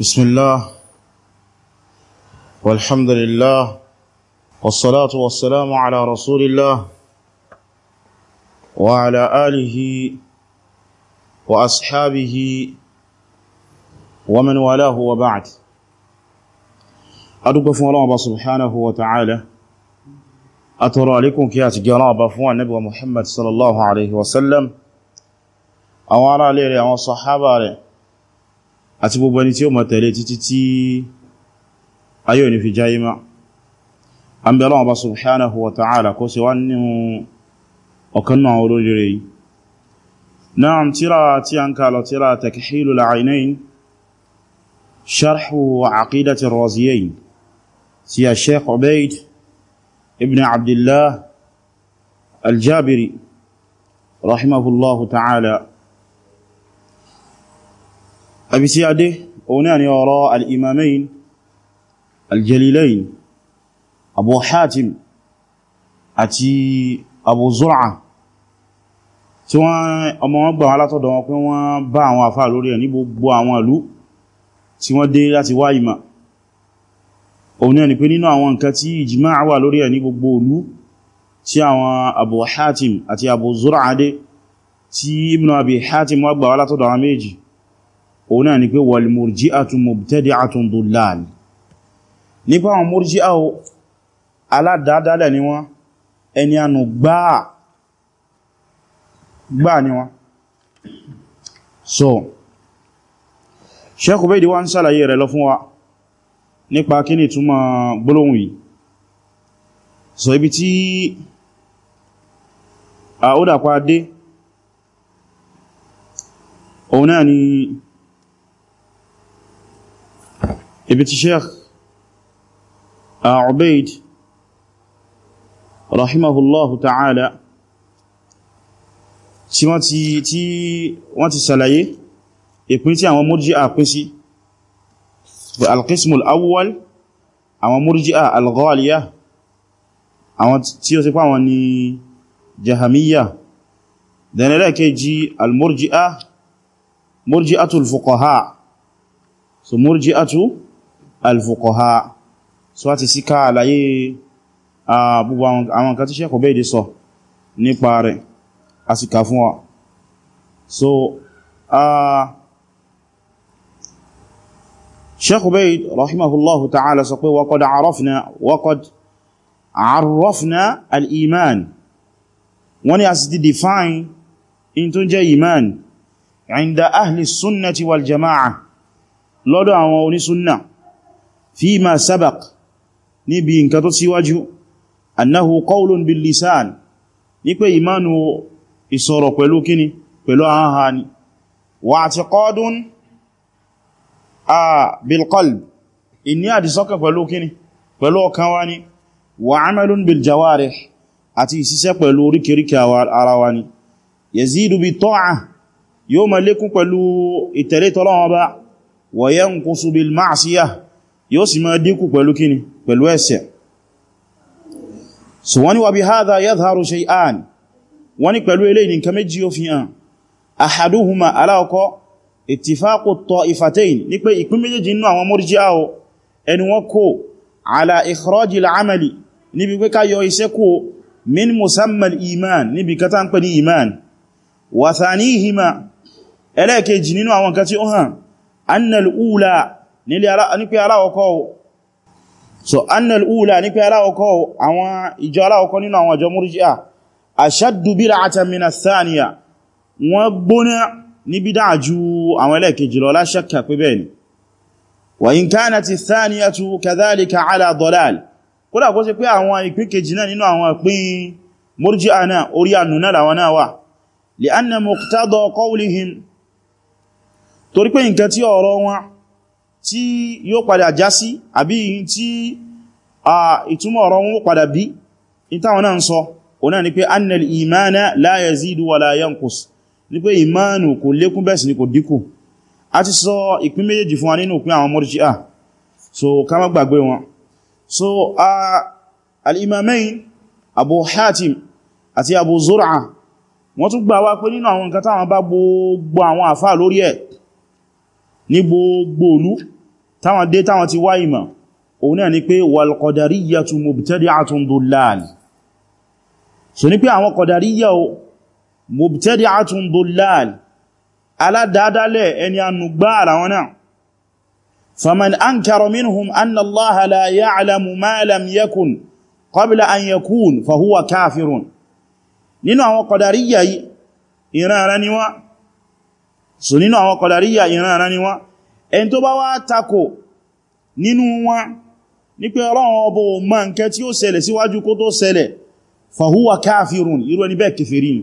بسم الله والحمد لله والصلاة والسلام على رسول الله وعلى آله وأصحابه ومن والاه وبعد أدوك فون الله سبحانه وتعالى أترى لكم كيات جراب فون النبي محمد صلى الله عليه وسلم أولا لي وصحابة لي àti gbogbo ẹni tí ó mọ̀ tẹ̀lé títí tí ayé ò ní fi jáyé má a ń bẹ Ọlọ́run Ọba subhanahu wa ta'ala kó ṣe wá nínú ọ̀kan náà olóríire yìí na'am tíra tí a ń ká tíra Takhilul Aynayn àbí tí a dé òun náà ni ọ̀rọ̀ al-imamain al-jalilain abu hatim àti abu zur'a tí wọ́n ọmọ wọn gbà wọn látọ̀dọ̀ wọn pé wọ́n bá àwọn àfà lórí ẹ̀ ní gbogbo àwọn ìlú tí wọ́n dé láti wá ìmọ̀ òun náà ni pé nínú àwọn nǹkan tí ìjìmá wà lórí ẹ̀ ní gbogbo ìlú tí àwọn abu hatim àti abu zur'a dé tí ibn abi hatim wọ́n gbà wọn látọ̀dọ̀ àwọn méjì òun náà ni pé wal murji'atu mubtadi'atun dullal nípa àwọn murji'a aládádálẹ̀ ni wọ́n ẹni ànù gbáà gbáà ni wọ́n so Sheikh Ubaydi wá ń sàlàyé rẹ̀ lọ fún wa nípa kí ni túnmọ̀ gbólóhùn yìí ibi tí sheikh Ubayd rahimahullahu ta'ala tí wọ́n ti sàlàyé ìpín tí àwọn murji'a pín sí al-qismul awwal àwọn murji'a al-ghaliya àwọn tí ó sì pa wọn ni jahamiyya dẹ̀nẹ̀lẹ́ kejì al-murji'a murji'atul fuqaha so murji'atu alfuqaha so àti síká àlàyé gbogbo àwọn nǹkan tí sẹ́kọ̀ bẹ́ẹ̀dẹ̀ sọ nípa rẹ̀ a sì kà fún wa so sẹ́kọ̀ bẹ́ẹ̀d rahimahullahu ta'ala sọ pé waqad arafna waqad arafna al-iman wọ́n ni a sì ti define in tó jẹ́ iman inda ahli sunnati wal jama'a lọ́dọ̀ àwọn onísunnah fíma sabak níbi nǹkan tó síwájú annahu qawlun bil lisan ní pé ìmánu ìsọ̀rọ̀ pẹ̀lú kíni pẹ̀lú ahá ni wa i'tiqadun a bil qalb ìní àdìsọ́kàn pẹ̀lú kíni pẹ̀lú ọkàn wa ni wa amalun bil jawarih àti ìṣiṣẹ́ pẹ̀lú oríkèríkè ara wa ni yazidu bi ta'a yóò ma lékún pẹ̀lú ìtẹ̀lé tọ́lọ́wọ́ wa yanqusu bil ma'siyah yóò sì máa dínkù pẹ̀lú kíni pẹ̀lú ẹ̀ṣẹ̀ so wọ́n ni wà bí hadha yadharu shay'an wọ́n ni pẹ̀lú eléyìí nǹkan méjì yóò fi hàn ahaduhuma aláọkọ́ ittifaqu at-ta'ifatayn ní pé ìpín méjèèjì nínú àwọn murji'a ní pé aláwọ̀kọ́ o so annal ula ní pé aláwọ̀kọ́ o àwọn ìjọ aláwọ̀kọ́ nínú àwọn ìjọ múrjíà ashaddu bid'atan min ath-thaniya wọ́n gbóná ní bídá ju àwọn ẹlẹ́ẹ̀kejì lọ la shakka pé bẹ́ẹ̀ ni wa in kanat ath-thaniyatu kadhalika ala dalal kódà kó ṣe pé àwọn ìpín kejì torí pé nǹkan tí ọ̀rọ̀ wọn tí yóò padà já sí àbí tí ìtumọ̀ ọ̀rọ̀ wọn padà bí ìtàwọn náà ń sọ ọ̀nà ni pé annal imana la yazidu wa la yanqus ni pé ìmánu kò lékún bẹ́ẹ̀ sì ni kò dínkù a ti sọ ìpín méjèèjì fún so ká má wọn so al-imamayn abu hatim àti abu zur'a wọ́n tún gbà wá pé nínú àwọn nǹkan táwọn bá gbogbo gbogbo olú táwọn dé táwọn ti wá ìmọ̀ òun náà ni pé wal qadariyatu mubtadi'atun dullal so ní pé àwọn qadariyya mubtadi'atun dullal aládádálẹ̀ ẹni annugbá ara wọn náà faman ankara minhum anna allaha la ya'lamu ma so nínú àwọn qadariyya ìran ara ni wá ẹni tó bá wá takò nínú wọn ní pé ọlọ́run ọbọ̀ ma nkẹ tí ó ṣẹlẹ̀ síwájú kó tó ṣẹlẹ̀ fahuwa káfirun irú ẹni bẹ́ẹ̀ kèfèrí ni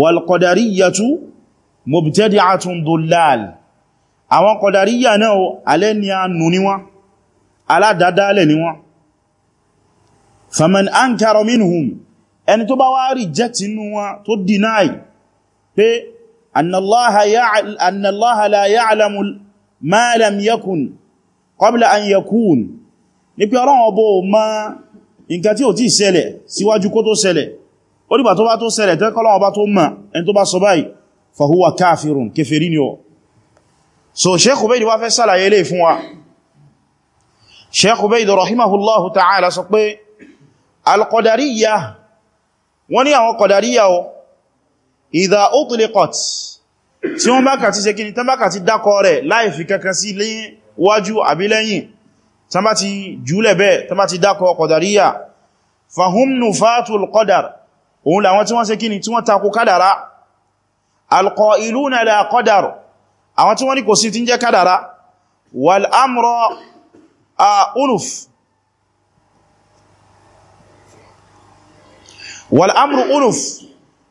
wal qadariyatu mubtadi'atun dullal àwọn qadariyya náà alẹ́ أن الله, يعل أن الله لا يعلم ما لم يكن قبل أن يكون nípé ọlọ́run ọbọ̀ ma nǹkan tí ò tí ṣẹlẹ̀ síwájú kó tó ṣẹlẹ̀ ó dìbà tó bá tó ṣẹlẹ̀ tẹ́kọ́lọ́run ọba tó mọ̀ ẹn tó bá sọ báyìí fahuwa káfirun kèfèrí ni ọ so Sheikh Ubaid wá fẹ́ sàlàyé lè fún wa Sheikh Ubaid rahimahullahu ta'ala sọ pé al-Qadariyya wọ́n ní àwọn Qadariyya o ìdá utliqat tí wọ́n bá kà ti ṣe kíni tán bá kà ti dákọ rẹ̀ láì fi kankan sí léwájú àbí lẹ́yìn tán bá ti jùlẹ̀ bẹ́ẹ̀ tán bá ti dákọ kọ̀dàríyà fahum nufatul qadar òun làwọn tí wọ́n ṣe kíni tí wọ́n takò kádàrá alqailuna la wal amru unuf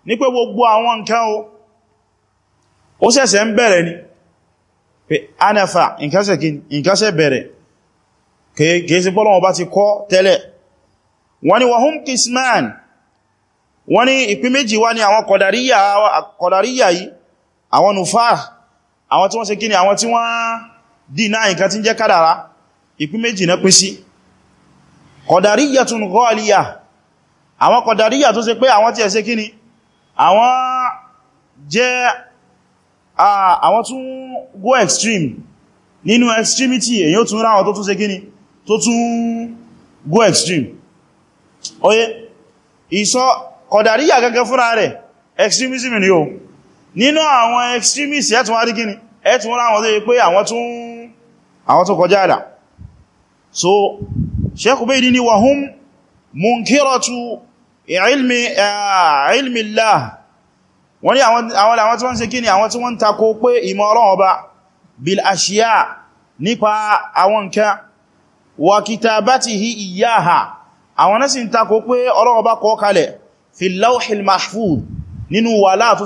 ní pé gbogbo àwọn nǹkan o ó ṣẹ̀ṣẹ̀ ń bẹ̀rẹ̀ ni pé anafa nǹkan ṣẹ̀ bẹ̀rẹ̀ kìí sí bá ti kọ́ tẹ́lẹ̀ wọ́n ni wahum qisman wọ́n ni ìpín méjì wá ní àwọn kọ̀dàríyà yìí àwọn nùfà àwọn tí wọ́n ṣe kíni àwọn tí wọ́n dínà nǹkan tí ń jẹ́ kádàrá ìpín méjì náà pín sí kọ̀dàríyà tún gọ́ọ̀líyà àwọn kọ̀dàríyà tó ṣe pé àwọn tí ẹ̀ ṣe kíni àwọn jẹ́ àwọn tún go extreme nínú extremity èyí ó tún ráwọn tó tún ṣe gíní tó tún go extreme oye ìsọ kọ̀dàríyà gẹ́gẹ́ fúnra rẹ̀ extremism ni o nínú àwọn extremist ẹ̀tún wá rí gíní ẹ̀tún ráwọn tó yẹ pé àwọn tún kọjá àdà so Sheikh Ubaydi ni wahum munkiratu ilmi eh, ilmi Allah wọ́n ní àwọn àwọn tí wọ́n ṣe kíni àwọn tí wọ́n tako pé ìmọ̀ Ọlọ́run Ọba bil ashiya nípa àwọn nǹkan wa kitabatihi iyyaha àwọn náà sì ń tako pé Ọlọ́run Ọba kọ kalẹ̀ fi lawhil mahfuz nínú wàhálà tó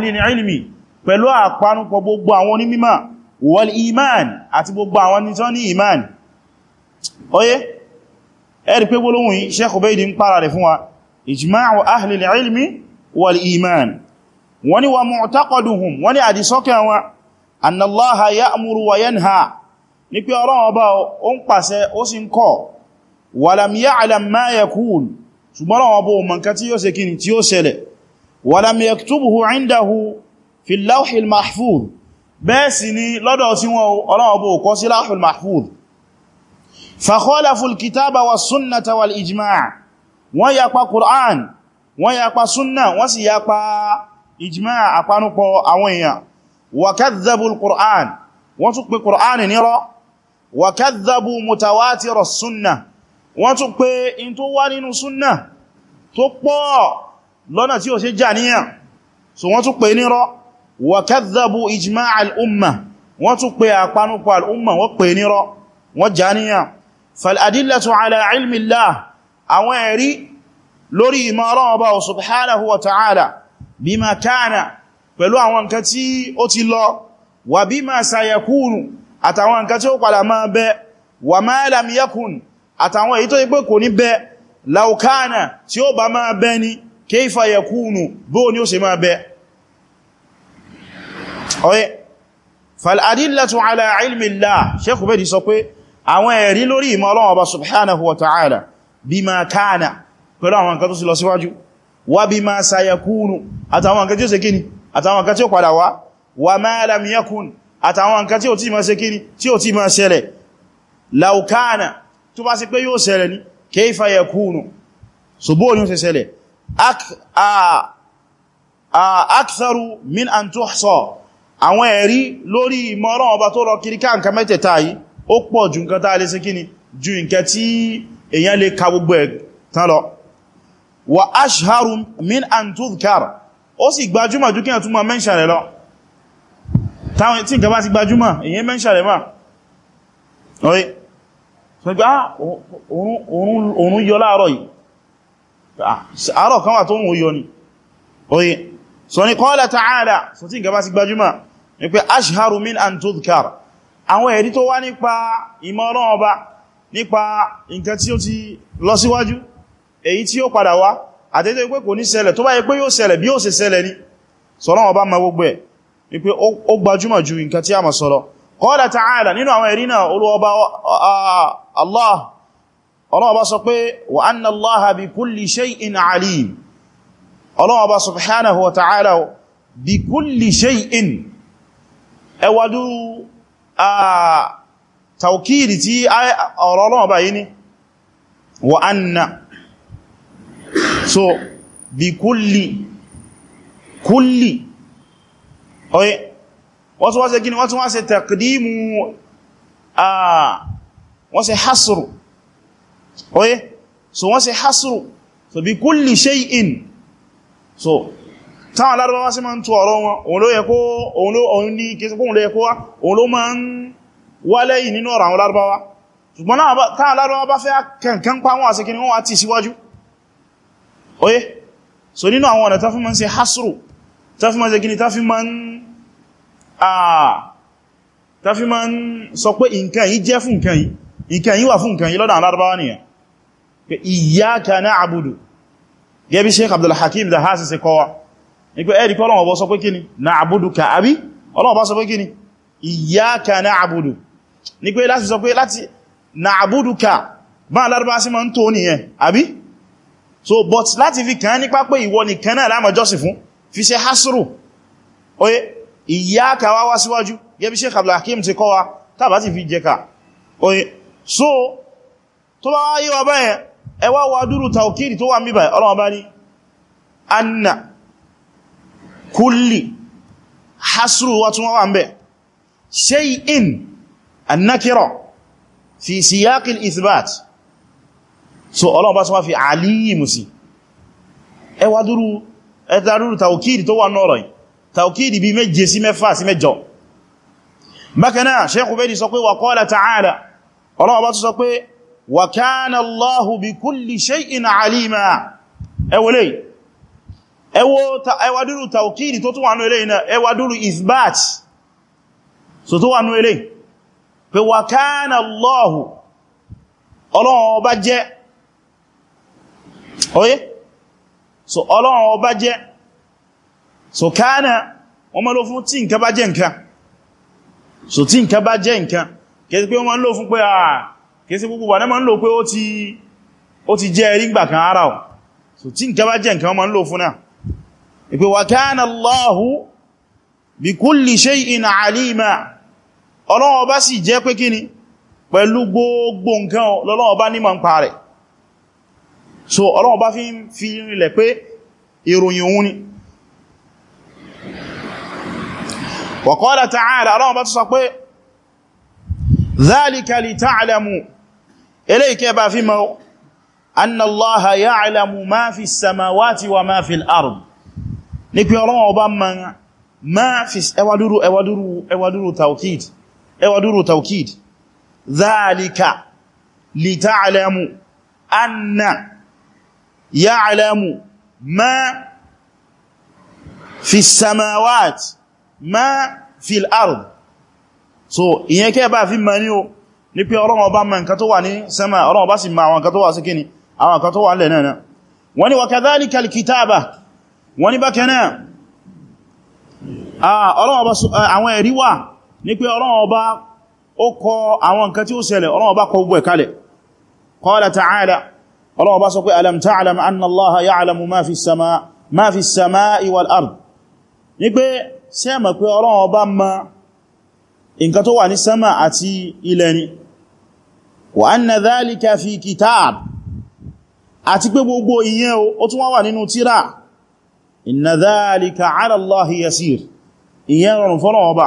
ni ilmi pẹ̀lú àpanupọ̀ gbogbo àwọn onímímọ̀ wal iman àti gbogbo àwọn ní tán ní iman oye ẹ̀rì pé gbólóhùn yìí Sheikh Ubaydi ń pàrà rẹ̀ fún wa ijma'u ahli al-ilmi wal iman wani wa wa mọ̀ nǹkan tí yóò ṣe kíni tí fi láwùhìl mahfúd bẹ́ẹ̀ sì ni lọ́dọ̀ sí wọn ọlọ́wọ́ bó kọ́ sí láwùhìl mahfúd fàkọ́láfùl kìtàbà wa súnnà tawal ijima wọ́n yapa Qur'an wọ́n yapa súnnà wọ́n sì yapa ijima àpanupọ̀ àwọn èèyàn wa kadhabul Qur'an wọ́n tún pè Qur'an nírọ́ wa lọ́nà tí ó ṣe jà níyàn so wọ́n tún pè nírọ́ wa kadhabu ijma' al-umma wọ́n tún pè àpanupọ̀ al-umma wọ́n pè nírọ́ wọ́n jàníyàn fal-adillatu ala ilmi Allah àwọn ẹ̀rí lórí ìmọ̀ Ọlọ́run Ọba subhanahu wa ta'ala bima kana pẹ̀lú bóò ni ó ṣe máa bẹ ọ̀yẹ́ fàl'adílẹ̀tù ala ilmillah Sheikh Ubaydi sọ pé àwọn ẹ̀rí lórí ìmọ̀ Ọlọ́run Ọba subhanahu wa ta'ala bima kana pẹ̀lú àwọn nǹkan tó sì lọ síwájú wa bima sayakunu àtàwọn nǹkan tí ó ṣe kíni àtàwọn nǹkan tí ó padà wá wa ma lam yakun àtàwọn nǹkan tí ó ti máa ṣe kíni tí ó ti ní kayfa yakunu so min an tuhsa àwọn ẹ̀rí lórí ìmọ̀ Ọlọ́run ọba tó lọ kiri ká nǹkan mẹ́tẹ̀ẹ̀ta yìí ó pọ̀ ju nǹkan táa lè sí kíni ju nǹkan tí èyàn lè ka gbogbo ẹ̀ tán lọ wa ashharu min an tudhkar ó sì gbajúmọ̀ ju kí ẹ̀tún ma mẹ́ṣà rẹ̀ lọ tí nǹkan bá ti gbajúmọ̀ èyàn mẹ́ṣà rẹ̀ máa orí sọ pé ah, òun yọ láàárọ̀ yìí ah, àárọ̀ kan ni orí ta'ala sọ tí nǹkan bá ti wípé ashharu min an tudhkar àwọn ẹ̀rí tó wá nípa ìmọ̀ràn ọba nípa nǹkan tí ó ti lọ síwájú èyí tí ó padà wá àtẹ́tẹ́ pé kò ní ṣẹlẹ̀ tó bá yẹ pé yóò ṣẹlẹ̀ bí ó ṣe ṣẹlẹ̀ ní sọ̀rọ̀ ọba ma gbogbo ẹ̀ wípé ó gbajúmọ̀ ju nǹkan tí a mọ̀ sọ̀rọ̀ qala ta'ala nínú àwọn ẹ̀rí náà olúọba Allah ọlọ́ọba sọ pé wa anna Allaha bi kulli shay'in alim ọlọ́ọba subhanahu wa ta'ala bi kulli shay'in ẹwàdú tàukìdì tí ọ̀rọ̀ ọlọ́wọ̀ báyìí ni wa anna so bí kulli kulli oye wọ́n tún wá ṣe gini wọ́n tún wá ṣe taqdimu wọ́n ṣe hasru oye so wọ́n ṣe hasru so bí kulli shay'in so táwọn alárọ́wá sí ma ń tó ọ̀rọ̀ wọn òun ló yẹ kó òun ló òun ní kí sípò òun ló yẹ kó wá òun ló ma ń wá lẹ́yìn nínú ọ̀rọ̀ àwọn alárọ́wá ṣùgbọ́n táwọn alárọ́wá bá fẹ́ kẹ̀kẹ́ ń pa wọn àti kí ni wọ́n wá ti síwájú oye so nínú àwọn ọ̀nà tafi ma ń ṣe hasru tafi ma ń ṣe nígbé ẹ̀rí pé Ọlọ́run bá sọ pé kí ni na'buduka àbí Ọlọ́run bá sọ pé kí ni iyyaka na'budu nígbé láti sọ pé láti na'buduka bá alárùbá sí ma ń tó nìyẹn àbí so but láti fi kàn nípa pé ìwọ nìkan náà la máa jọ́sìn fún fi ṣe hasru oye iyyaka wá wá síwájú gẹ́bí Sheikh Abdul so tó bá wáyé wa báyẹn ẹwà wa dúró tàókìrì tó wà mí báyẹ̀ anna kulli hasru wa tún wà ń bẹ̀ shay'in annakira fi siyaqil ithbat so ọlọ́run bá tún wá fi alimu sí ẹwà dúrú ẹ̀dàrúrù tàwkìdì tó wà nọ́rọ̀ yìí tàwkìdì bí méje sí mẹ́fà sí mẹ́jọ bákanáà Shaykh Ubaydi sọ pé wa qala ta'ala ọlọ́run bá tún sọ pé wa kana Allahu bi kulli shay'in alima ẹwọ́lẹ́yìí ẹwàdúrù tàwkìdì tó tún wà ní ilé iná ẹwàdúrù isbat so tó wà ní ilé pé wà káàna lọ́hù ọlọ́run ọba jẹ́ oye so ọlọ́run ọba jẹ́ so káàna wọ́n mọ́ ló fún tí nǹkan bá jẹ́ nǹkan so tí nǹkan bá jẹ́ nǹkan kẹsí pé wọ́n ló fún pé kẹsí púpù wà náà mọ́ ló pé ó ti jẹ́ rí gbà kan ara ọ̀ so tí bá jẹ́ wọ́n mọ́ ló fún náà ìpé wa kana Allahu bi kulli shay'in alima Ọlọ́run bá sì jẹ́ pé kíni pẹ̀lú gbogbo nǹkan lọ́lọ́run bá nímọ̀ ń pa rẹ̀ so Ọlọ́run bá fi ń fi rinlẹ̀ pé ìròyìn òun ni wa qala ta'ala Ọlọ́run bá tún ní pé ọlọ́wọ́ ọba máa fi ẹwàdúrú ẹwàdúrú ẹwàdúrú tawkid ẹwàdúrú tawkid zálika lita'lamu anna ma fi samawat ma fi al so ìyẹn kẹ́ bá fi ma ní o ní pé ọlọ́wọ́ ọba máa nǹkan tó wà ní sẹ́mà ọlọ́wọ́ bá sì ma àwọn nǹkan tó wà sí àwọn nǹkan tó wà lẹ̀ náà wa kadhalika al-kitaba wọ́n ní bákẹ́nẹ̀ ah, ah, àwọn ẹ̀rí wà ní pé Ọlọ́run Ọba ó kọ àwọn nǹkan tí ó ṣẹlẹ̀ Ọlọ́run Ọba kọ gbogbo ẹ̀ kalẹ̀ qala ta'ala Ọlọ́run Ọba sọ pé alam ta'lam anna Allaha ya'lamu ma fi as wa anna dhalika inna dhalika ala Allahi yasir ìyẹn rọrùn fọ́nà ọba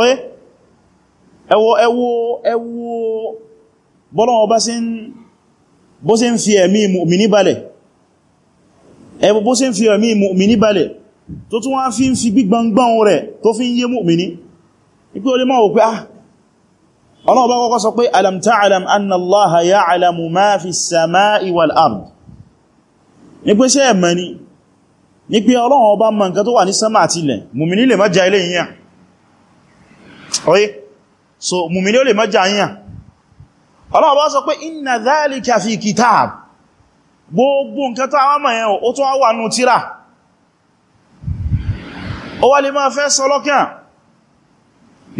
oye ẹwọ ẹwọ ẹwọ bọ́nà ọba bó sí ń fi ẹ̀mí mu'mini balẹ̀ ẹwọ bó sí ń fi ẹ̀mí mu'mini balẹ̀ tó tún wá fi ń fi gbígbọ́ngbọ́n rẹ̀ tó fi ń yé mu'mini ipé olè máa wò pé ah ọlọ́ọ̀bá kọ́kọ́ sọ pé alam ta'alam anna Allaha ma fi as-sama'i wal ní pé ṣe ẹ̀mọ́ ni ní pé ọlọ́run ọba mọ nǹkan tó wà ní sánmà àti ilẹ̀ mùmìnì lè má ilé yíyàn ọ̀yẹ́ so mùmìnì ó lè má jà yíyàn ọlọ́run ọba sọ pé inna dhalika fi kitab gbogbo nǹkan tó àwọn mọ̀yẹn ó tún wà nù tíra ó wá lè máa fẹ́ sọ lọ́kàn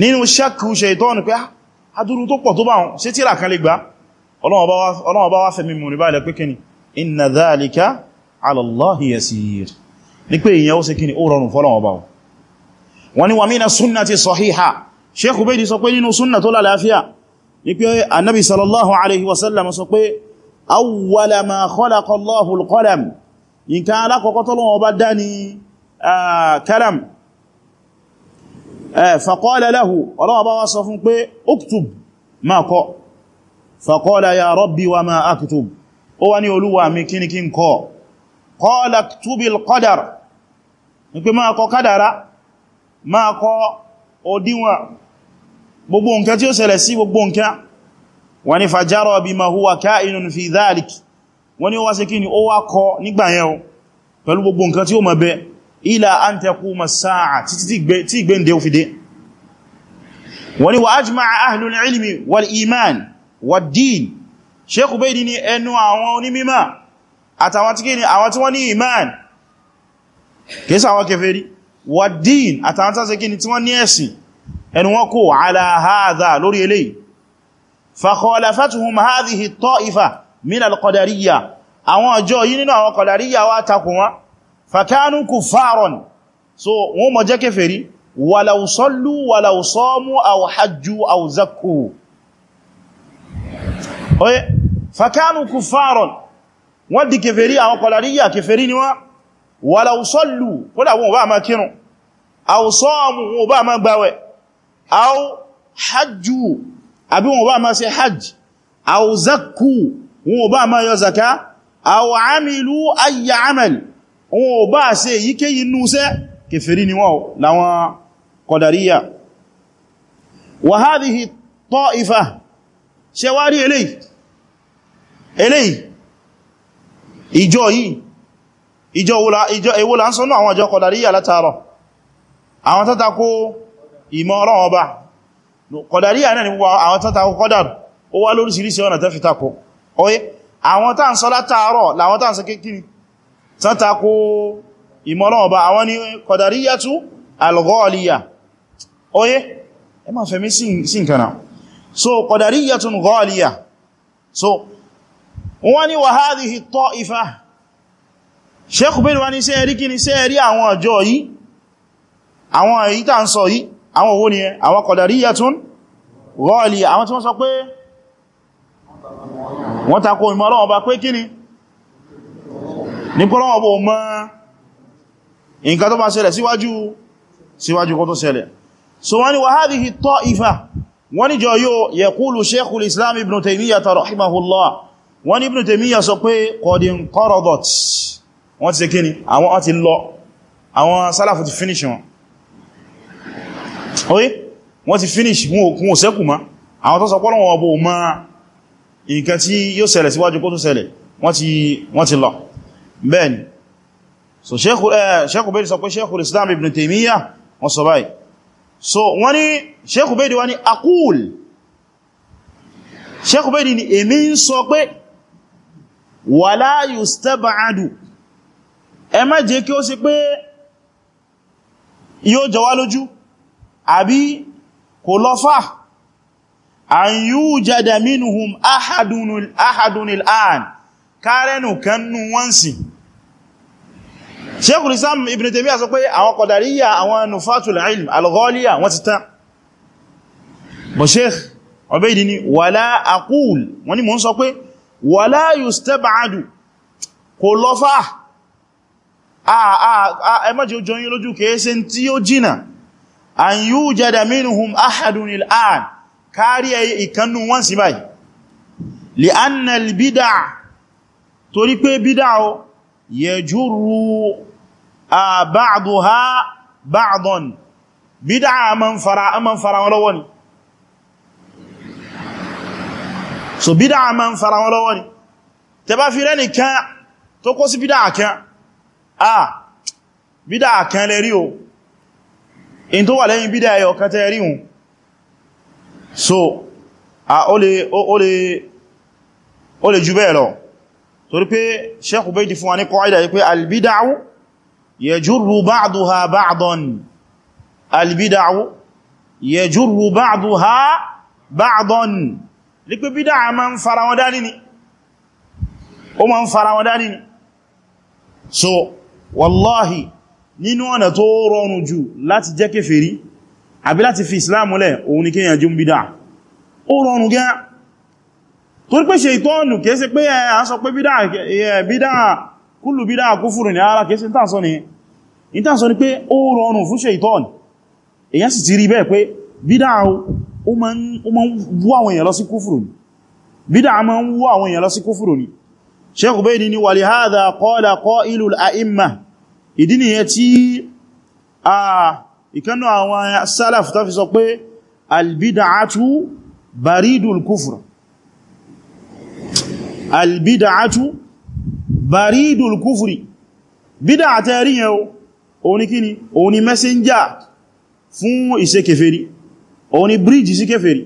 nínú ṣẹ́kù ṣe ìtọ́nù pé ah, adúrú inna dhalika ala Allahi yasir ní pé ìyẹn ó ṣe kí ni ó rọrùn fọ́lọ̀wọ̀ bá wọn ni wà mí na súnnà ti sọ̀híhà Sheikh Ubaydi sọ pé nínú súnnà tó lálàáfíà ní pé annabi sallallahu alaihi wasallam sọ pé awwala ma khalaqa Allahu al-qalam nǹkan alákọ̀ọ́kọ́ tọ́lọ́wọ́ bá dá ni kalam faqala ó wá ní olúwa mi kíni kí kọ́ qala iktubil qadar ní pé máa kọ kádàrá máa kọ òdíwọ̀n gbogbo nǹkan tí ó ṣẹlẹ̀ sí gbogbo nǹkan wọ́n ní fajara bima huwa ka'inun fi dhalik wọ́n ní ó wá sí kí ni ó wá kọ nígbà yẹn o pẹ̀lú gbogbo nǹkan tí ó máa bẹ ila an taquma as-sa'a tí ìgbéǹde ó fi ẹnu àwọn onímímọ̀ àtàwọn tí kí ni àwọn tí wọ́n ní iman kìí sí àwọn kèfèrí wà dín àtàwọn tàṣẹ kí ni tí wọ́n ní ẹ̀sìn ẹnu wọn kò ala hadha lórí eléyìí fa khalafatuhum hadhihi at-ta'ifa min al-qadariyya àwọn ọjọ́ yìí nínú àwọn qadariyya wá fakanu kuffaran wọ́n di kèfèrí àwọn kọlaríyà kèfèrí ni wọ́n walau sallu kódà wọn bá ma kírun aw saamu wọn bá ma gbàwẹ̀ aw hajju àbí wọn bá ma ṣe hajj aw zakku wọn bá ma yọ zaka aw amilu ayya amal wọn bá ṣe yíkéyí núṣẹ́ kèfèrí ni wọ́n láwọn ìjọ yìí ìjọ ewó la ń sọ́nà àwọn ìjọ kọ̀dàríyà látàrọ̀ àwọn tó tako ìmọ̀ ọ̀rọ̀ ọba kọ̀dàríyà náà ni àwọn tó tako kọ́dàrù ó wá lóríṣiríṣi ọ̀nà tó fi tako ọyé àwọn tá ń sọ látàrọ̀ làwọn tá ń sọ kékiri tó tako ìmọ̀ so kọ̀dàríyà tún ghaliya so wọ́n ní wa hadhihi at-ta'ifa Sheikh Ubayd wá ní ṣé ẹ rí kí ni ṣé ẹ rí àwọn ọjọ́ yìí àwọn èyí tà ń sọ yìí àwọn owó ni ẹ àwọn qadariyatun ghali àwọn tí wọ́n sọ pé wọ́n tako ìmọ̀ Ọlọ́run pé kí ni wọ́n ní Ibn Taymiyyah sọ pé kọdín kọ́rọ̀dọ̀t wọ́n ti ṣe kíni àwọn ọ̀tí lọ àwọn sálàfù ti finish wọn oye wọ́n ti finish wọn ò sẹ́kù ma àwọn tó sọpọ́lọ̀ wọn ọbọ̀ ma nǹkan tí yóò ṣẹlẹ̀ síwájú kó tó ṣẹlẹ̀ wọ́n ti lọ bẹ́ẹ̀ni so Sheikh eh, Ubaydi sọ pé Sheikhul Islam Ibn Taymiyyah wọ́n sọ báyìí so wọ́n ní Sheikh Ubaydi wá ní akúl Sheikh Ubaydi ni èmi ń sọ pé wala yustab'adu ẹ má jẹ́ kí ó sì pé yóò jọ wá lójú àbí kò lọ fà an yujada minhum ahadun al'an kárẹ́nù kannú wọ́n sì Sheikhul Islam Ibn Taymiyyah sọ pé àwọn Qadariyya àwọn nufatul ilm al wọ́n ti tán bọ̀ Sheikh Ubaydi ni wala aqul wọ́n ni mò ń sọ pé wala yustab'adu kò lọ́fà ẹmọ́jì ojú oyin lójú kèése tí ó jìnà an yujada minhum ahadun al'an kárí ìkannú wọn sí báyìí li'anna al-bid'a torí pé bídá o yajurru ba'daha ba'dan bídá a man fara wọn lọ́wọ́ ni so bídá ma ń fara wọn lọ́wọ́ ni tẹ bá fi rẹ́ nìkan tó kó sí bídá kan a bídá kan lè rí o in tó wà lẹ́yìn bídá ẹyọ kan tẹ́ rí hun so a ó lè ó lè ó lè jù bẹ́ẹ̀ lọ torí pé Sheikh Ubaydi fún wa ní kọ́ídà yí pé albídáwú yajurru ba'duha ba'dan albídáwú yajurru ba'duha ba'dan ní pé a ma ń fara wọn dání ni ó ma ń fara wọn dání ni so wallahi nínú ọ̀nà tó rọrùn jù láti jẹ́ kèfèrí àbí láti fi islamu lẹ̀ òun ni kíyàn jí ń bídá ó rọrùn gẹ́ torí pé ṣe ìtọ́nù kéèsẹ pé a sọ pé bídá kúlù bídá kúfùrù ní ara kéèsẹ ìtànsọ́ ni ìtànsọ́ ni pé ó rọrùn fún ṣe èyàn sì ti rí bẹ́ẹ̀ pé bídá ó máa ń wú àwọn èèyàn lọ sí kúfùrù ní bídá máa ń wú àwọn èèyàn lọ sí kúfùrù ní Sheikh Ubaydi ni wàlì hadha qala qailul a'imma ìdí nìyẹn tí a ìkannú àwọn salaf tó fi sọ pé albida'atu baridul kufr albida'atu baridul kufri bídá àtẹ́ríyàn kíni òun ni fún ìṣe òun ni bíríjì sí kéfèrí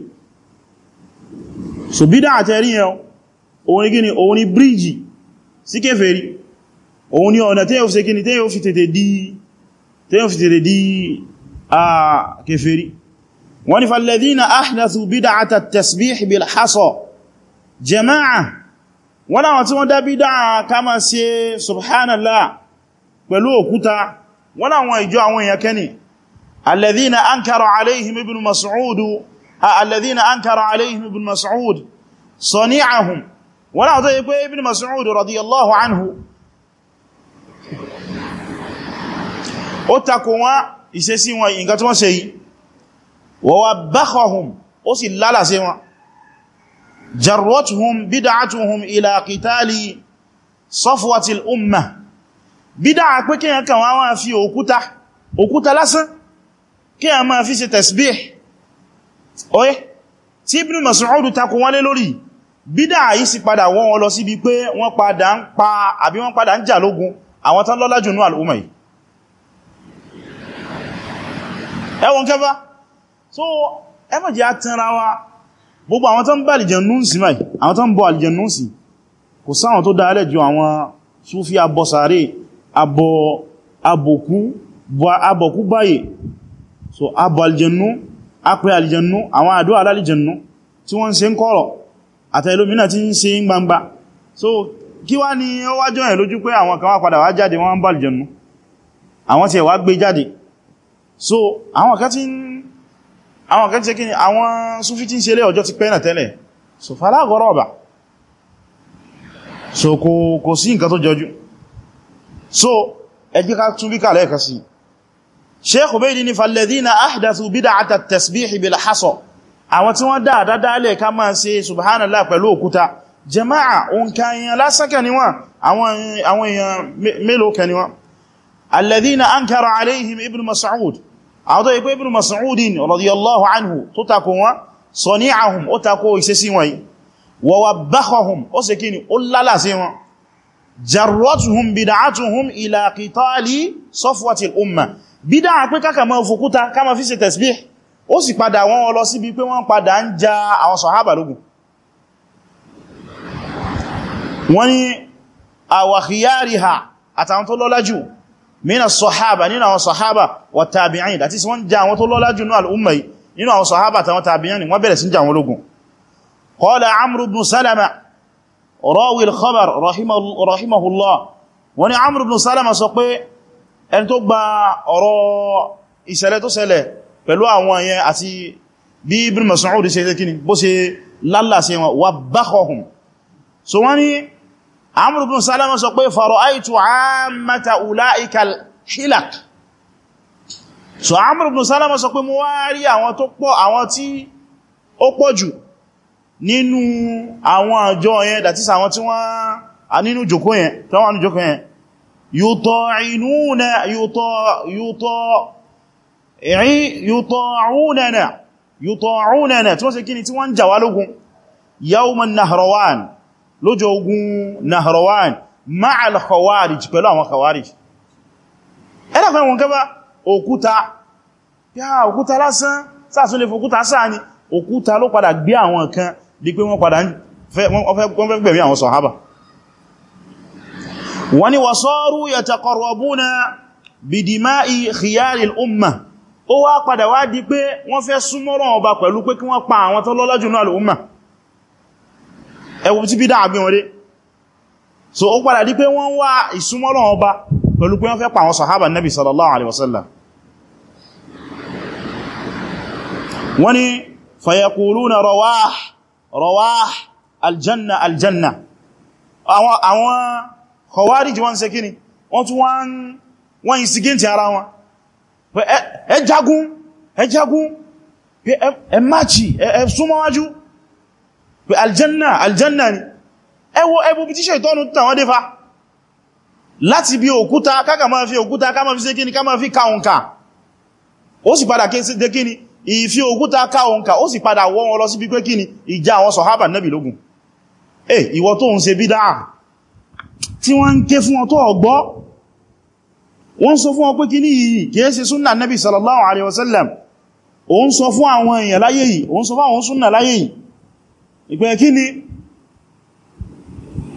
so bídá àtẹ́rí ẹ̀ òun ni gíní òun ni bíríjì sí kéfèrí òun ni ọ̀nà tẹ́yọ̀ fi gíní tẹ́yọ̀ fi tètè dí tẹ́yọ̀ fi tètè dí a kéfèrí wọ́n ni falladhina ahdathu bid'ata at-tasbih bídá kama ṣe pẹ̀lú òkúta wọ́n láwọn ìjọ àwọn èèyàn kẹ́ni الذين أنكر عليهم ابن مسعود الذين أنكر عليهم ابن مسعود صنيعهم ولا طيب ابن مسعود رضي الله عنه أتقوا ìṣesíwọn yìí nǹkan tí wọ́n ṣe yìí wọ́wà bákọ̀hùn ó sì lálàsí wọn jarwatuhum bid'atuhum ila qitali safwatil umma bídá pé kíyàn kan wọ́n fi òkúta òkúta lásán kí a máa fi ṣe tasbih oye tí Ibn Mas'ud takò wọ́n lé lórí bídá yìí sì padà wọ́n lọ síbi pé wọ́n padà ń pa àbí wọ́n padà ń jà lógun àwọn tán lọ́lá jù ní al'umma so ẹmọ̀jẹ́ àtẹ́ra wa gbogbo àwọn tán bá àlìjẹ̀núnsì máì àwọn tán bọ àlìjẹ̀núnsì kò sáwọn tó dáálẹ̀ ju àwọn báyìí so abọ̀ aljannu apẹ aljannu àwọn àdó alálìjannu tí wọ́n ń ṣe ń kọ́rọ̀ àtẹ́lómínà tí ń ṣe gbangba so kí wá ní ó wá jọ yẹn lójú pé àwọn kan wá padà wá jáde wọ́n ń aljannu àwọn tí ẹ̀ wá gbé so àwọn kan tí àwọn kan tí kí ni àwọn súnfí tí ń ṣe lé ọjọ́ ti pẹ́ náà tẹ́lẹ̀ so fala ghoraba so kò sí nǹkan tó jọjú so ẹgbẹ́ ká tún rí kà lẹ́ẹ̀kan sí i sheikh ubaydi ni falladhina ahdathu bid'ata at-tasbih bil hasa àwọn tí wọ́n dáadáa dálẹ̀ ká máa ṣe subhanallah pẹ̀lú òkúta jama'a òǹkà èèyàn lásán kan ni wọ́n àwọn èèyàn mélòó kan ni wọ́n alladhina ankara alayhim ibn mas'ud àwọn tó yẹ pé ibn mas'ud radiyallahu anhu tó takò wọn sani'ahum ó takò bídá pé káka mọ́ fòkúta ká mọ́ fi ṣe tẹ̀sbí ó sì padà wọ́n lọ síbi pé wọ́n padà ń ja àwọn sọ̀hábà lógun wọ́n ni àwàkìyàrí ha àtàwọn tó lọ́lá jù mina sọ̀hábà nínú àwọn sọ̀hábà wà tàbíyàn rahimahullah wọ́n ni amru ibn salama sọ pé ẹni tó gba ọ̀rọ̀ ìṣẹ̀lẹ̀ tó ṣẹlẹ̀ pẹ̀lú àwọn yẹn àti bí Ibn Mas'ud ṣe ṣe kíni bó ṣe lálà sí wọn wà bákọ̀hùn so wọ́n ni Amr ibn Salama sọ pé fara'aytu 'ammata ula'ika al-hilaq so Amr ibn Salama sọ pé mo wá rí àwọn tó pọ̀ àwọn tí ó pọ̀ jù nínú àwọn àjọ yẹn dàtí àwọn tí wọ́n nínú jòkó yẹn يطاعنون يطاع يطاع يطاعوننا يطاعوننا tí wọ́n ṣe kíni tí wọ́n jà wá lógun يوم النهروان lọ́jọ́ ogun nahrawan مع الخوارج pẹ̀lú àwọn khawarij ẹ̀lá fẹ́ wọn kẹba òkúta yá òkúta lásán sáàsún lè fòkúta sáà ni òkúta ló padà gbé àwọn kan di pé wọ́n padà wọ́n fẹ́ gbẹ̀mí àwọn sọ̀hábà wọ́n ni wasọ́rú ya takọrọ̀bú na bidima'i khiyari al'umma ó wá padà wá di pé wọ́n fẹ́ súnmọ́rọ̀ ọba pẹ̀lú pé kí wọ́n pa àwọn tó lọ́lá jù náà al'umma ẹwù tí bí dáàbí wọn dé so ó padà di pé wọ́n wá ìsúnmọ́rọ̀ ọba pẹ̀lú pé wọ́n fẹ́ pa àwọn sahaba nabi sallallahu alaihi wasallam wọ́n ni fayakuluna rawah rawah aljanna aljanna àwọn kọwàríjì wọ́n ń ṣe kí ni wọ́n tún wọ́n ìsigéntì ara wọn ẹ jagun ẹ jagun ẹ máàkì ẹ súnmọ́wájú pé aljanna aljanna ni ẹwọ ẹbù bí tíṣẹ́ ìtọ́nù tàwọn défà láti bí òkúta káka máa fi òkúta ká máa fi ṣe kí ni ká máa fi káunka ó sì padà kí ni ìfi òkúta káunka ó sì padà wọ́n lọ sí bí kí ni ìjà àwọn sọ̀hábà nábì lógun eh ìwọ tó ń ṣe bídáà tí wọ́n ń ké fún ọ̀tọ́ ọ̀gbọ́ wọ́n sọ fún ọ pé kí ní yìí kìí ṣe súnnà nabi sallallahu alayhi wasallam òun sọ fún àwọn èèyàn láyé yìí òun sọ fún àwọn súnnà láyé yìí ìpẹ́ kí ni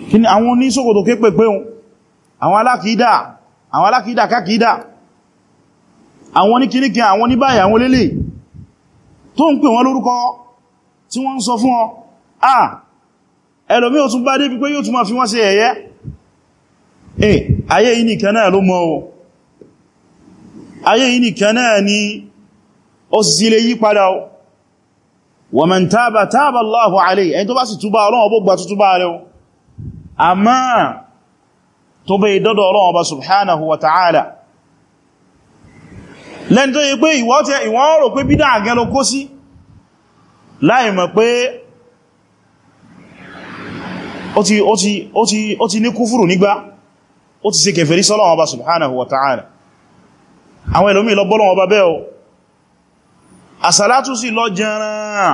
kí ni àwọn oníṣòkòtò ké pèpé hun àwọn alákìídà àwọn alákìídà kákìídà àwọn oníkìníkì àwọn oníbáyà àwọn olélè tó ń pè wọ́n lórúkọ tí wọ́n ń sọ fún ọ ah ẹlòmí ò tún bá débi pé yóò tún máa fi wọ́n ṣe ẹ̀yẹ́ eh ayé yìí nìkan náà ló mọ̀ o ayé yìí nìkan náà ni ó sì o wa man tába tába Allahu alayhi ẹni tó bá sì túbá Ọlọ́run bó gbà túbá rẹ̀ o àmá tó bẹ́ ìdọ́dọ̀ bá subhanahu wa ta'ala lẹ́ni ti ní kúfùrù nígbà ó ti ṣe kèfèrí sọ́lọ́wọ́ ọba subhanahu wa ta'ala àwọn ẹlòmí lọ bọ́lọ́wọ́ ọba bẹ́ẹ̀ o àsàlátù sí lọ jẹ́rán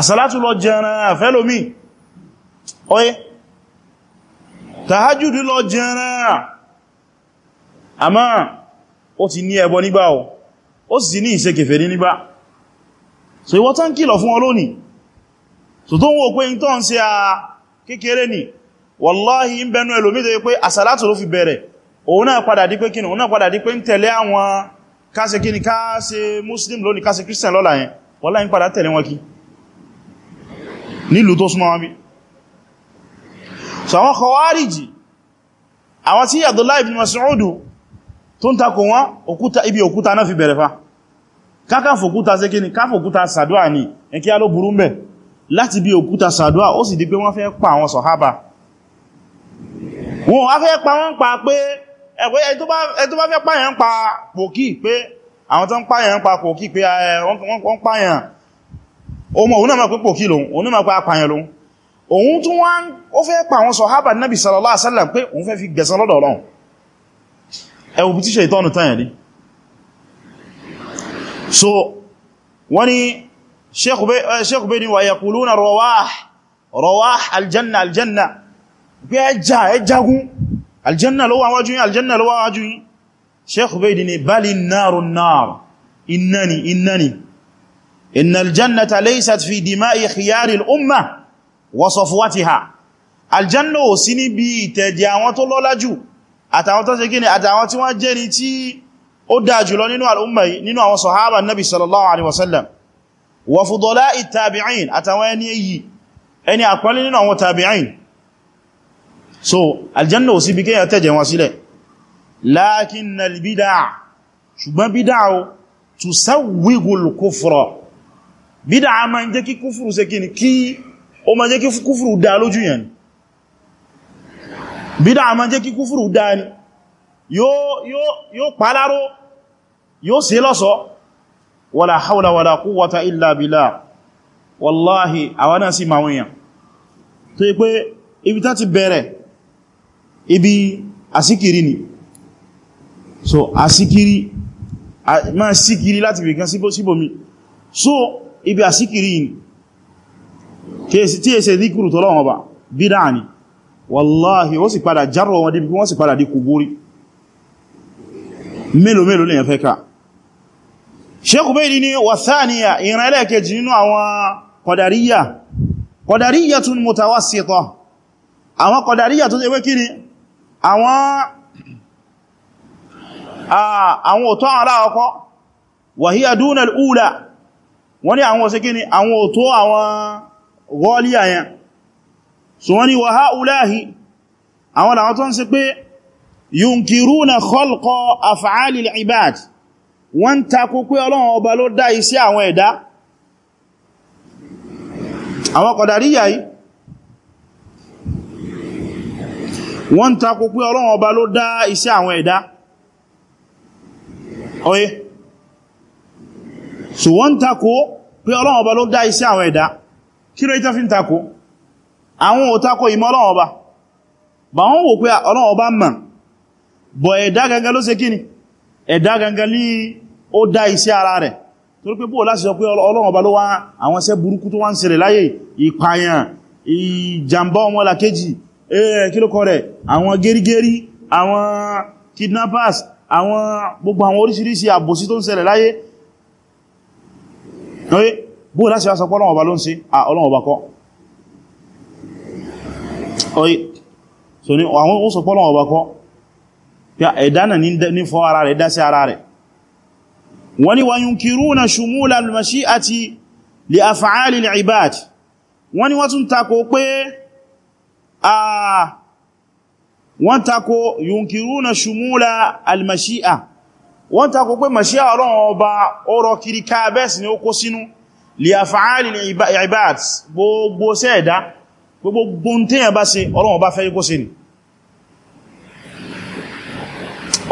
àsàlátù lọ jẹ́rán fẹ́lòmí oye tàhájúdú lọ jẹ́rán àmá ó ti ní ẹbọ nígbà o ó sì ní ìṣe kèfèrí nígbà so ìwọ́n tán kìlọ̀ fún ọlónìí so tó ń wò pé ń tọ́ ń ṣe a kékeré ni wàláhì ń bẹnu ẹlòmí tó yí pé àsàlátù ló fi bẹ̀rẹ̀ òun náà padà di pé kíni òun náà padà di ń tẹ̀lé àwọn káṣe muslim lónìí káṣe christian lọ́la yẹn wàláhì ń padà tẹ̀lé wọn kí nílùú tó súnmọ́ wọn bí so láti bí òkúta ó sì di pé wọ́n fẹ́ pa àwọn wọn a fẹ́ pa wọ́n pa pé ẹ̀kọ́ tó bá fẹ́ pààyàn pa pòkí pé àwọn tó ń pààyàn pa pòkí pé wọ́n pààyàn ọmọ òun náà mọ̀ pé pòkí lòun òun náà mọ̀ pé apààyàn lòun òun tún wá ó fẹ́ pa àwọn sọ̀hábà nábì sallallahu alaihi so wọ́n ni pé ẹjà ẹjagun aljanna ló wà wájú yín aljanna ló wà wájú yín sheikh ubaydi ni bali náàrù náàrù innani innani inna aljannata laysat fi dima'i khiyari al'umma wa safwatiha aljanna ò sí níbi ìtẹ̀jẹ̀ àwọn tó lọ́lá jù àtàwọn tó ṣe gíní àtàwọn tí wọ́n jẹ́ ni tí ó dáa jùlọ nínú al'umma nínú àwọn sahaba nabi sallallahu alaihi wasallam wa fudala'i tabi'in àtàwọn ẹni èyí ẹni àpọ́lé nínú àwọn tabi'in so aljanna ò sí bí kéyàn tẹ́jẹ̀ wọn sílẹ̀ lakinnal bid'a ṣùgbọ́n bid'a o tusawwigul kufra bid'a ma ń jẹ́ kí kúfùrù ṣe kí ni kí o ma jẹ́ kí kúfùrù dá lójú yẹn bid'a ma ń jẹ́ kí kúfùrù dá ni yóò yóò yóò pàláró lọ́sọ ibi tá ti bẹ̀rẹ̀ ibi asikiri ni so àsíkiri ma síkiri láti bìkan mi, so ibi asikiri ni kéèsì tí èsè díkùrù tó lọ́wọ́ bá bídá ni wallahi ó sì padà jarrọ wọn débi wọ́n sì padà di kúbúrí mélòó mélòó lèyàn fẹ́ ká Sheikh Baydi ni wàtháníyà ìran ẹlẹ́ẹ̀kejì nínú àwọn Qadariyya Qadariyya tún mutawassita àwọn Qadariyya tó ṣe kí ni àwọn àwọn àwọn aláwọ̀kọ́ wàhíyà dúnà l'úlà wọ́n ni àwọn òsìkí ni àwọn òtó àwọn gọ́ọ̀líyà yẹn so wọ́n ni wà ha úláhì àwọn àwọn tó ń ṣe pé yunkiruna khalqa af'ali al-ibad wọ́n takò pé ọlọ́run ọba ló dá iṣẹ́ àwọn ẹ̀dá àwọn kọ̀dàríyà yìí wọ́n ń takò pé ọlọ́run ọba ló dá iṣẹ́ àwọn ẹ̀dá ọyẹ́ so wọ́n ń takò pé ọlọ́run ọba ló dá iṣẹ́ àwọn ẹ̀dá kí ló ìtàfí ń takò àwọn ò takò ìmọ̀ ọlọ́run ọba bà wọ́n wò pé ọlọ́run ọba mà bọ̀ ẹ̀dá gangan ló ṣe kíni ẹ̀dá gangan ní ó Eh, kílòkọ́ rẹ̀ àwọn gẹ́rígẹ́rí àwọn kidnappers àwọn gbogbo àwọn oríṣiríṣi àbòsí tó ń ṣẹlẹ̀ láyé bó láti wá sọpọ́ ọlọ́wọ̀ba ló ń ṣe ah, ọlọ́wọ̀ba kọ́ oye so ni àwọn ó sọpọ́ ọlọ́wọ̀ba kọ́ ẹ̀dánà ní fọ́ ara rẹ̀ dá sí ara rẹ̀ wọ́n ni wayunkiruna shumula al-mashi'ati li af'ali al-ibad Ah, wọ́n takò yunkiruna ṣùmúlà almashi'a wọ́n takò pé mashi'a ọlọ́run ọba ọrọ̀ kiri káàbẹ̀sì ni ó kó sínú liafa'ali ibad gbogbo sẹ́ẹ̀dá gbogbo tíyàn bá ṣe ọlọ́run ọba fẹ́ kó sí ni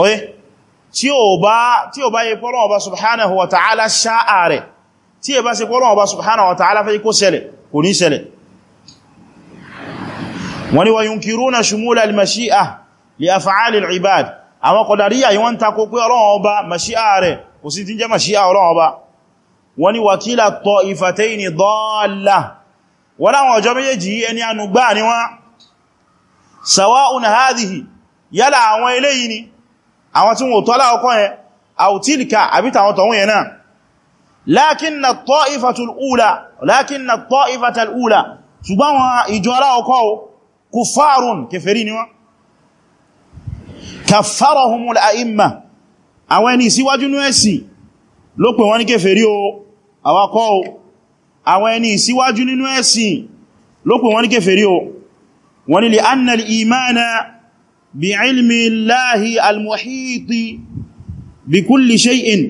oye tí ó bá yẹ pọ́lọ́run ọba subhanahu wa ta'ala ṣáà rẹ̀ tí ó bá ṣe pọ́lọ́run ọba subhanahu wa ta'ala fẹ́ kó ṣẹlẹ̀ kò ní ṣẹlẹ̀ wọ́n ni wa yunkiruna shumula al-mashi'a li af'ali al-ibad àwọn Qadariyya yìí wọ́n tako pé Ọlọ́run Ọba mashi'a rẹ̀ kò sí tí ń jẹ́ mashi'a Ọlọ́run Ọba wọ́n ni wakila ta'ifataini dalla wọ́n láwọn ọjọ́ méjèèjì ẹni anugbá ni wọ́n sawa'un hadhihi yálà àwọn eléyìí ṣùgbọ́n ìjọ aláwọ̀kọ́ kùfàárùn kèfèrí ni wọ́n kàfàrọ̀hùnmùl àìmà àwọn ẹni ìsíwájú ní ẹ̀sìn ló pè wọ́n ní kèfèrí o àwakọ́ o àwọn ẹni ìsíwájú nínú ẹ̀sìn ló pè wọ́n ní kèfèrí o wọ́n ní li anna al-imana bi ilmi Allahi al bi kulli shay'in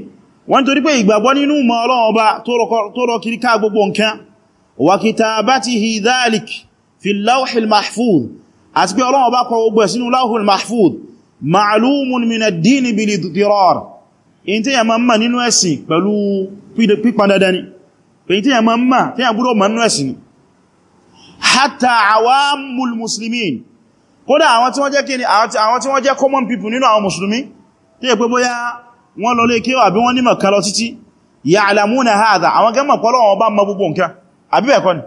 wọ́n torí pé ìgbàgbọ́ nínú mọ́ Ọlọ́run tó rọ kiri ká gbogbo nǹkan wa kitabatihi dhalik fi láwùhìl mahfúd àti pé ọlọ́wọ́ bá kọ gbogbo sínú láwùhìl mahfúd ma'alumun min ad-din bil idrar in tí yà máa mọ̀ nínú ẹ̀sìn pẹ̀lú pípa dandan ni pẹ̀yìn tí yà máa mọ̀ tí yà búrò mọ̀ nínú ni hatta awamul muslimin kódà àwọn tí wọ́n jẹ́ kíni àwọn tí wọ́n jẹ́ common people nínú àwọn musulmi tí yẹ pé bóyá wọ́n lọ lé kéwà bí wọ́n ní mọ̀ kan lọ títí ya'lamuna hadha àwọn gẹ́mọ̀ pọ́lọ́wọ́n bá mọ gbogbo nǹkan àbíbẹ̀kọ́ ni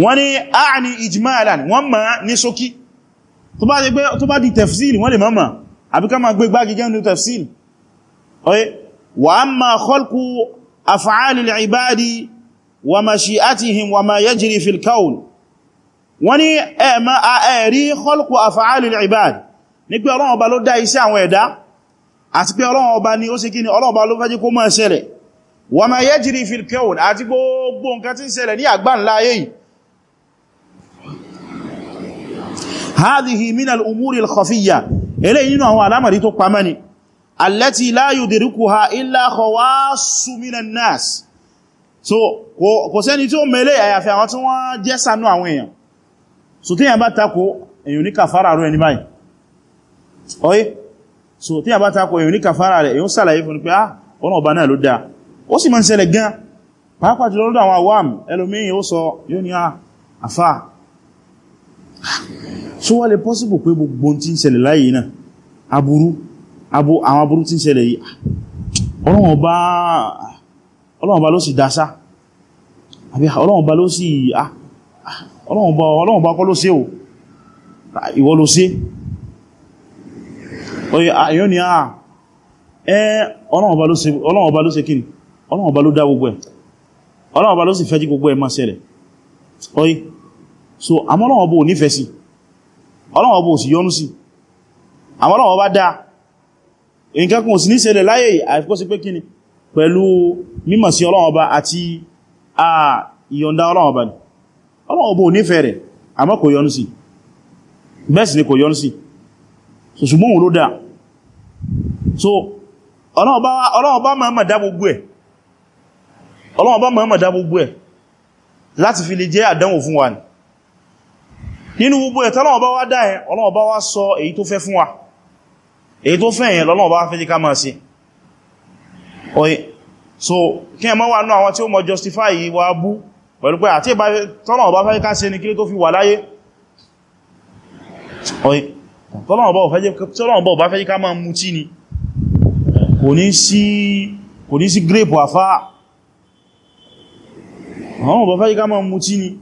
wọ́n ní ààni ijmalan wọ́n ma ní ṣókí tó bá di tafsil wọ́n lè mọ́mà àbíká ma gbé gbágigẹ́ ní tafsil oye wa amma khalqu af'alil ibadi wa mashi'atihim wa ma yajri fil kawn àti pé Ọlọ́run máa ṣẹlẹ̀ wa ma yajri fil kawn àti gbogbo nǹkan hadhihi min al-umuri al-khafiyya eléyìí nínú àwọn alamari tó pamọ́ ni allati la yudrikuha illa khawassu min an-nas so kò sẹ́ni tí ó mẹ́lẹ̀ àyàfi àwọn tí wọ́n jẹ́ sánú àwọn èèyàn so tí yàn bá takò èyàn ní kàfàrà rẹ̀ ní báyìí ọyí so tí yàn bá takò èyàn ní kàfàrà rẹ̀ èyàn sàlàyé fún ah, pàápàá jùlọ lọ́dọ̀ àwọn awam ẹlòmíyàn ó sọ yóò ní ah, àfà so wá lè possible pé gbogbo tí ń ṣẹlẹ̀ láyé náà aburú àwọn aburú tí ń ṣẹlẹ̀ yìí ọlọ́wọ̀n bá ló sì dásá àbí ọlọ́wọ̀n bá ló sì ah, ah, ọlọ́wọ̀n bá kọ́ ló sí o ah, ìwọ ló sí ọ̀yọ́ ni àà ẹ ọlọ́wọ̀n ló sí kíni ọlọ́wọ̀n bá ló dá gbogbo ẹ̀ ọlọ́wọ̀n bá ló sì fẹ́ jí gbogbo ẹ̀ máa ṣẹlẹ̀ ọ̀yí so àmọ́ ọlọ́wọ̀n bó nífẹ̀ẹ́ sí Ọlọ́run ọba ò sì yọ́nú sí àmọ́ Ọlọ́run ọba dá nǹkan kan sì ní ṣẹlẹ̀ láyé àfikọ́ sí pé kíni pẹ̀lú mímọ̀ sí Ọlọ́run ni Ọlọ́run ọba ò ni kò yọ́nú sí so Ọlọ́run ọba máa dá gbogbo ẹ̀ Ọlọ́run ọba máa dá gbogbo ẹ̀ láti fi lè jẹ́ àdánwò fún wa ni nínú gbogbo ẹ̀ tọ́lọ́wọ́ bá wá dá ẹ Ọlọ́run bá wá sọ èyí tó fẹ́ fún wa èyí tó fẹ́ yẹn lọ́lọ́wọ́ bá fẹ́ jí ká máa sí oye so kí ẹ mọ́ wà náà àwọn tí ó mọ̀ justify wa bú pẹ̀lú pé àti ìbá tọ́lọ́wọ́ bá fẹ́ ká ṣe ní kí tó fi wà láyé oye tọ́lọ́wọ́ bá fẹ́ jí ká máa mutí ni kò ní sí kò ní sí grape àfá àwọn ọ̀bọ̀ fẹ́ jí ká máa mutí ni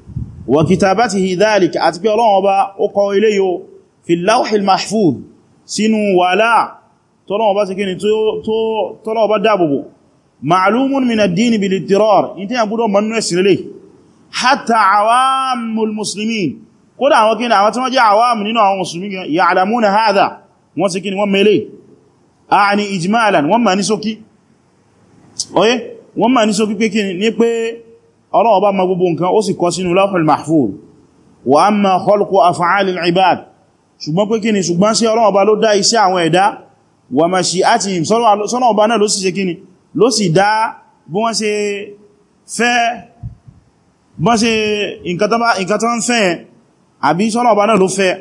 wa kitabatihi dhalika àti pé Ọlọ́run Ọba ó kọ eléyìí ó fi lawhil mahfuz sínú wàlá tọ́lọ́wọ́ bá sí kí ni tọ́lọ́wọ́ bá dáàbòbò ma'lumun min ad-din bil iddirar in tí a gbọ́dọ̀ mọ́nú ẹ̀sìn lè hatta awamul muslimin kódà àwọn kí ni àwọn tí wọ́n jẹ́ awamu nínú àwọn musulmi ya'lamuna ọlọ́wọ́ bá ma gbogbo nǹkan ó sì kọ sínú lawhul mahfuz wa amma khalqu af'alil ibad ṣùgbọ́n pé kíni ṣùgbọ́n sí ọlọ́wọ́ bá ló dá iṣẹ́ àwọn ẹ̀dá wa mashi'atihim sọ́lọ́wọ́ bá náà ló sì ṣe kíni ló sì dá bí wọ́n ṣe fẹ́ bọ́n ṣe nǹkan tó ń fẹ́ àbí sọ́lọ́wọ́ bá náà ló fẹ́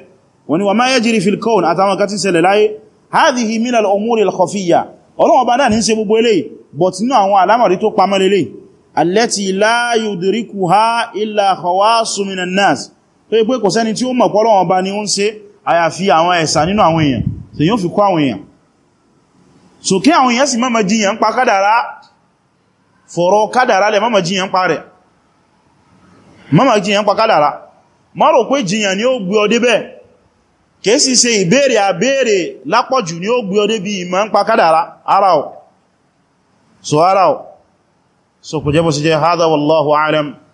wọ́n ni wa ma yajri fil kawn àtàwọn nǹkan tí allati la yudrikuha illa khawasu minan nas tó yí pé kò sẹ́ni tí ó mọ̀ pọ́lọ́wọ́n bá ní ó ń ṣe àyàfi àwọn ẹ̀sà nínú àwọn èèyàn tó yíó fi kọ́ àwọn èèyàn so kí àwọn èèyàn sì mọ́mọ̀ jiyàn pa kádàrá fọ̀rọ̀ kádàrá lẹ mọ́mọ̀ jiyàn pa rẹ̀ mọ́mọ̀ jiyàn pa ìbéèrè àbéèrè lápọ̀jù ni ó gbé ọdé bí ìmọ̀ ń pa kádàrá ara ọ̀ so ara ọ̀ سوف جبس جاء هذا والله أعلم